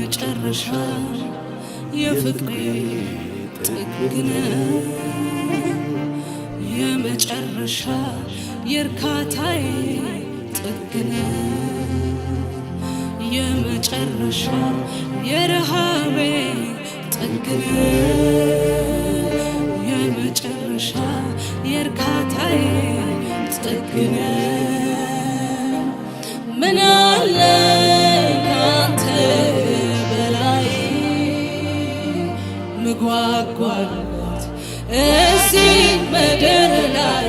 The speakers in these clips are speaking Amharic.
መጨረሻ የፍቅሬ ጥግነ የመጨረሻ የእርካታዬ ጥግነ የመጨረሻ የረሃቤ ጥግነ የመጨረሻ የእርካታዬ ጥግነ ጓጓት እዚህ ምድር ላይ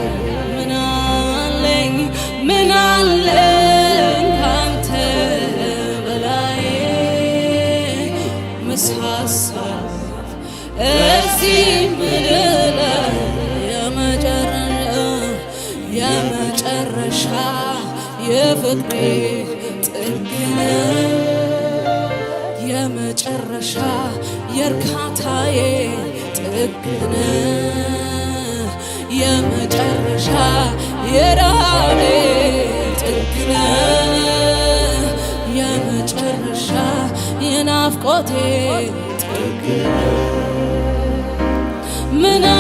ምናለኝ ምናለኝ ካንተ በላይ እዚህ ምድር ላይ የመጨረሻ የፍቅሬ ጥግ የመጨረሻ የእርካታዬ ጥግን የመጨረሻ የራቤ ጥግን የመጨረሻ የናፍቆቴ ጥግን